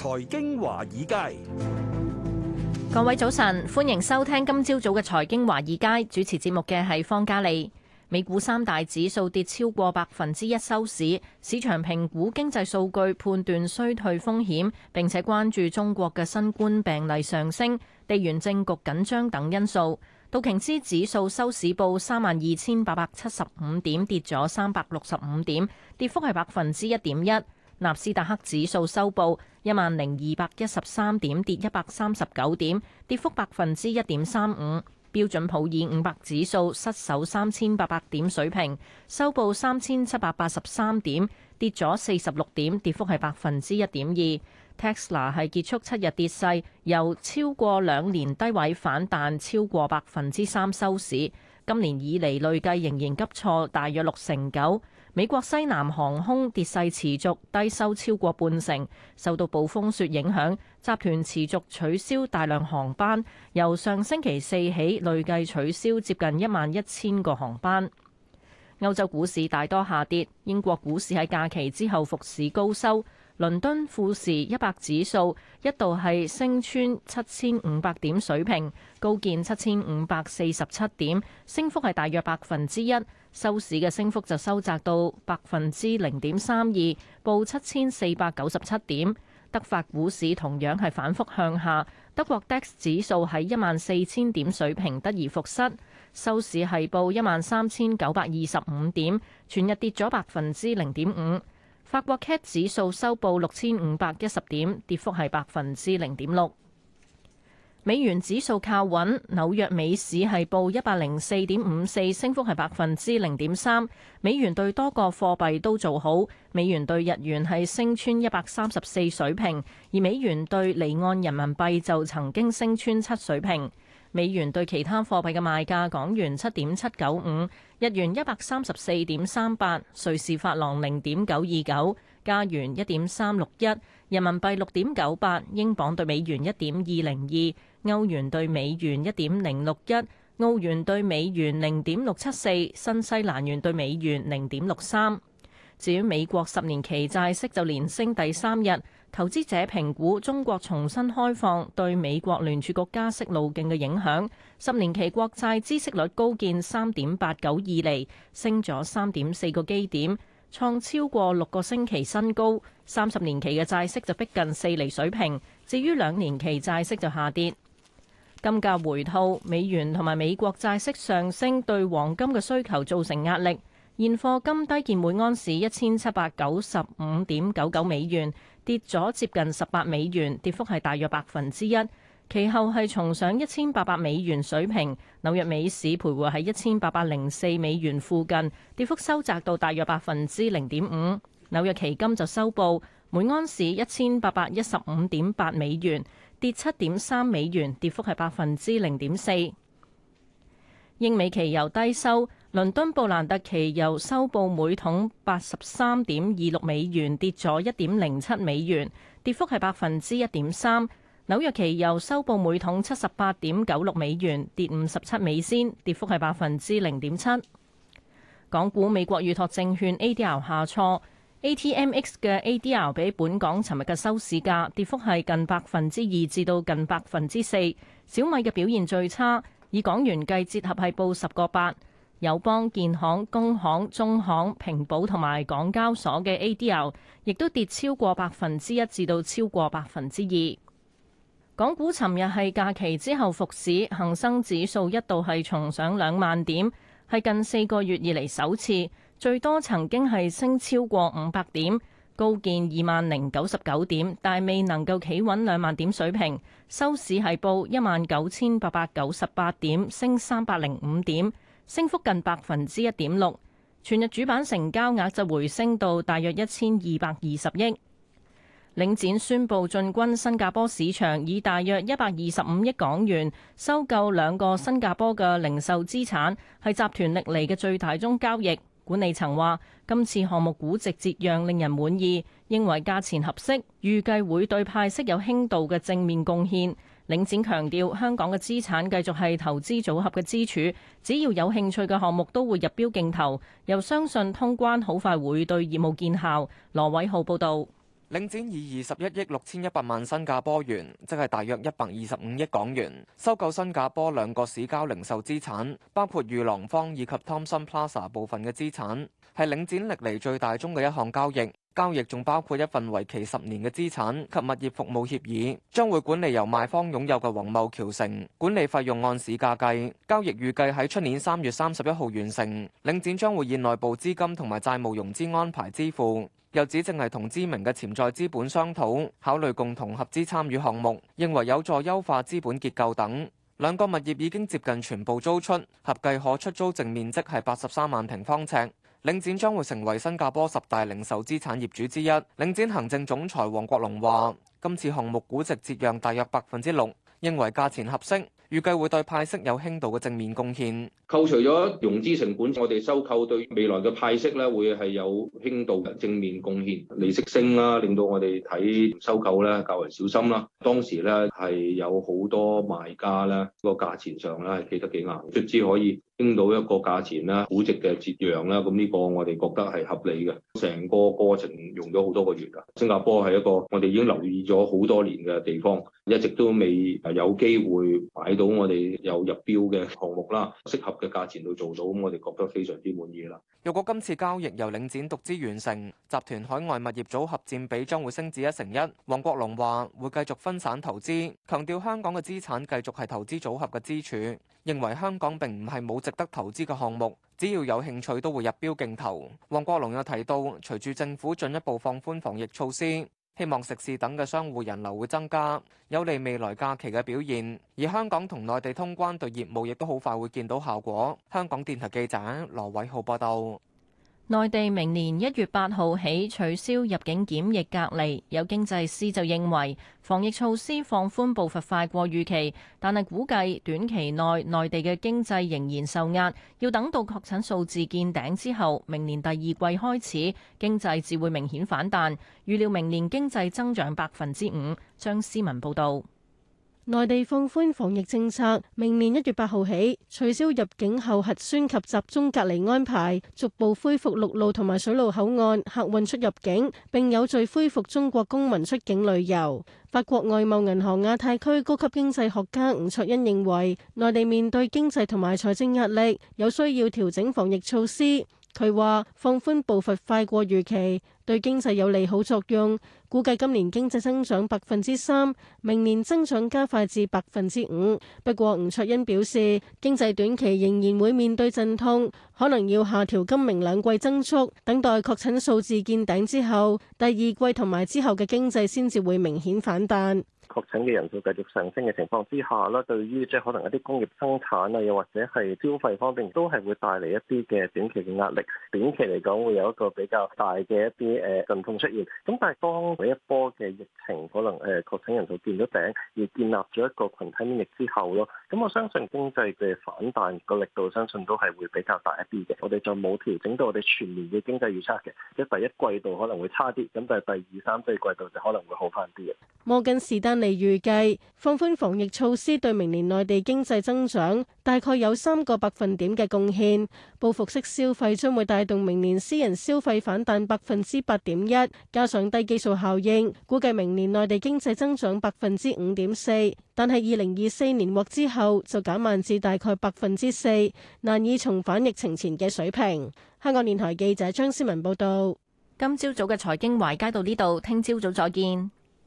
財經華爾街，各位早晨，歡迎收聽今朝早嘅財經華爾街主持節目嘅係方嘉莉。美股三大指數跌超過百分之一收市，市場評估經濟數據，判斷衰退風險，並且關注中國嘅新冠病例上升、地緣政局緊張等因素。道瓊斯指數收市報三萬二千八百七十五點，跌咗三百六十五點，跌幅係百分之一點一。納斯達克指數收報。一萬零二百一十三點，跌一百三十九點，跌幅百分之一點三五。標準普爾五百指數失守三千八百點水平，收報三千七百八十三點，跌咗四十六點，跌幅係百分之一點二。Tesla 係結束七日跌勢，由超過兩年低位反彈超過百分之三收市。今年以嚟累計仍然急挫大約六成九。美國西南航空跌勢持續，低收超過半成，受到暴風雪影響，集團持續取消大量航班，由上星期四起累計取消接近一萬一千個航班。歐洲股市大多下跌，英國股市喺假期之後復市高收。倫敦富時一百指數一度係升穿七千五百點水平，高見七千五百四十七點，升幅係大約百分之一。收市嘅升幅就收窄到百分之零點三二，報七千四百九十七點。德法股市同樣係反覆向下，德國 DAX 指數喺一萬四千點水平得而復失，收市係報一萬三千九百二十五點，全日跌咗百分之零點五。法國 CAC 指數收報六千五百一十點，跌幅係百分之零點六。美元指數靠穩，紐約美市係報一百零四點五四，升幅係百分之零點三。美元對多個貨幣都做好，美元對日元係升穿一百三十四水平，而美元對離岸人民幣就曾經升穿七水平。美元對其他貨幣嘅賣價：港元七點七九五，日元一百三十四點三八，瑞士法郎零點九二九，加元一點三六一，人民幣六點九八，英鎊對美元一點二零二，歐元對美元一點零六一，澳元對美元零點六七四，新西蘭元對美元零點六三。至於美國十年期債息就連升第三日，投資者評估中國重新開放對美國聯儲局加息路徑嘅影響。十年期國債孳息率高見三點八九二厘，升咗三點四個基點，創超過六個星期新高。三十年期嘅債息就逼近四厘水平，至於兩年期債息就下跌。金價回吐，美元同埋美國債息上升對黃金嘅需求造成壓力。現貨金低見每盎士一千七百九十五點九九美元，跌咗接近十八美元，跌幅係大約百分之一。其後係重上一千八百美元水平。紐約美市徘徊喺一千八百零四美元附近，跌幅收窄到大約百分之零點五。紐約期金就收報每盎士一千八百一十五點八美元，跌七點三美元，跌幅係百分之零點四。英美期油低收。倫敦布蘭特期油收報每桶八十三點二六美元，跌咗一點零七美元，跌幅係百分之一點三。紐約期油收報每桶七十八點九六美元，跌五十七美仙，跌幅係百分之零點七。港股美國預託證券 A D R 下挫，A T M X 嘅 A D R 比本港尋日嘅收市價跌幅係近百分之二至到近百分之四。小米嘅表現最差，以港元計，折合係報十個八。友邦、建行、工行、中行、平保同埋港交所嘅 A D L，亦都跌超過百分之一至到超過百分之二。港股尋日係假期之後復市，恒生指數一度係重上兩萬點，係近四個月以嚟首次，最多曾經係升超過五百點，高見二萬零九十九點，但未能夠企穩兩萬點水平，收市係報一萬九千八百九十八點，升三百零五點。升幅近百分之一點六，全日主板成交額就回升到大約一千二百二十億。領展宣佈進軍新加坡市場，以大約一百二十五億港元收購兩個新加坡嘅零售資產，係集團歷嚟嘅最大宗交易。管理層話：今次項目估值折讓令人滿意，認為價錢合適，預計會對派息有輕度嘅正面貢獻。領展強調，香港嘅資產繼續係投資組合嘅支柱，只要有興趣嘅項目都會入標競投，又相信通關好快會對業務見效。羅偉浩報道。領展以二十一億六千一百萬新加坡元，即係大約一百二十五億港元，收購新加坡兩個市郊零售資產，包括裕廊坊以及湯森 Plaza 部分嘅資產，係領展歷嚟最大宗嘅一項交易。交易仲包括一份為期十年嘅資產及物業服務協議，將會管理由賣方擁有嘅宏茂橋城，管理費用按市價計。交易預計喺出年三月三十一號完成，領展將會以內部資金同埋債務融資安排支付。又指正係同知名嘅潛在資本商討，考慮共同合資參與項目，認為有助優化資本結構等。兩個物業已經接近全部租出，合計可出租淨面積係八十三萬平方尺。領展將會成為新加坡十大零售資產業主之一。領展行政總裁王國龍話，今次項目估值折讓大約百分之六，認為價錢合適，預計會對派息有輕度嘅正面貢獻。扣除咗融資成本，我哋收購對未來嘅派息咧，會係有輕度嘅正面貢獻。利息升啦，令到我哋睇收購咧較為小心啦。當時咧係有好多賣家咧，個價錢上咧係企得幾硬，卒之可以。傾到一個價錢啦，估值嘅折讓啦，咁呢個我哋覺得係合理嘅。成個過程用咗好多個月啊，新加坡係一個我哋已經留意咗好多年嘅地方，一直都未有機會買到我哋有入標嘅項目啦，適合嘅價錢去做到，咁我哋覺得非常之滿意啦。如果今次交易由領展獨資完成，集團海外物業組合佔比將會升至一成一。黃國龍話會繼續分散投資，強調香港嘅資產繼續係投資組合嘅支柱，認為香港並唔係冇值得投資嘅項目，只要有興趣都會入標競投。黃國龍又提到，隨住政府進一步放寬防疫措施，希望食肆等嘅商戶人流會增加，有利未來假期嘅表現。而香港同內地通關對業務亦都好快會見到效果。香港電台記者羅偉浩報道。內地明年一月八號起取消入境檢疫隔離，有經濟師就認為防疫措施放寬步伐快過預期，但係估計短期內內地嘅經濟仍然受壓，要等到確診數字見頂之後，明年第二季開始經濟至會明顯反彈。預料明年經濟增長百分之五。張思文報導。內地放寬防疫政策，明年一月八號起取消入境後核酸及集中隔離安排，逐步恢復陸路同埋水路口岸客運出入境，並有序恢復中國公民出境旅遊。法國外貿銀行亞太區高級經濟學家吳卓恩認為，內地面對經濟同埋財政壓力，有需要調整防疫措施。佢話放寬步伐快過預期，對經濟有利好作用，估計今年經濟增長百分之三，明年增長加快至百分之五。不過，吳卓欣表示，經濟短期仍然會面對陣痛，可能要下調今明兩季增速，等待確診數字見頂之後，第二季同埋之後嘅經濟先至會明顯反彈。確診嘅人數繼續上升嘅情況之下咧，對於即係可能一啲工業生產啊，又或者係消費方面，都係會帶嚟一啲嘅短期嘅壓力。短期嚟講，會有一個比較大嘅一啲誒陣痛出現。咁但係當每一波嘅疫情可能誒確診人數見到頂，而建立咗一個群體免疫之後咯，咁我相信經濟嘅反彈個力度，相信都係會比較大一啲嘅。我哋就冇調整到我哋全年嘅經濟預測嘅，即係第一季度可能會差啲，咁但係第二、三、四季度就可能會好翻啲嘅。摩根士丹嚟預計放寬防疫措施對明年內地經濟增長大概有三個百分點嘅貢獻。報復式消費將會帶動明年私人消費反彈百分之八點一，加上低基數效應，估計明年內地經濟增長百分之五點四。但係二零二四年或，或之後就減慢至大概百分之四，難以重返疫情前嘅水平。香港電台記者張思文報道。今朝早嘅財經華爾街到呢度，聽朝早，早再見。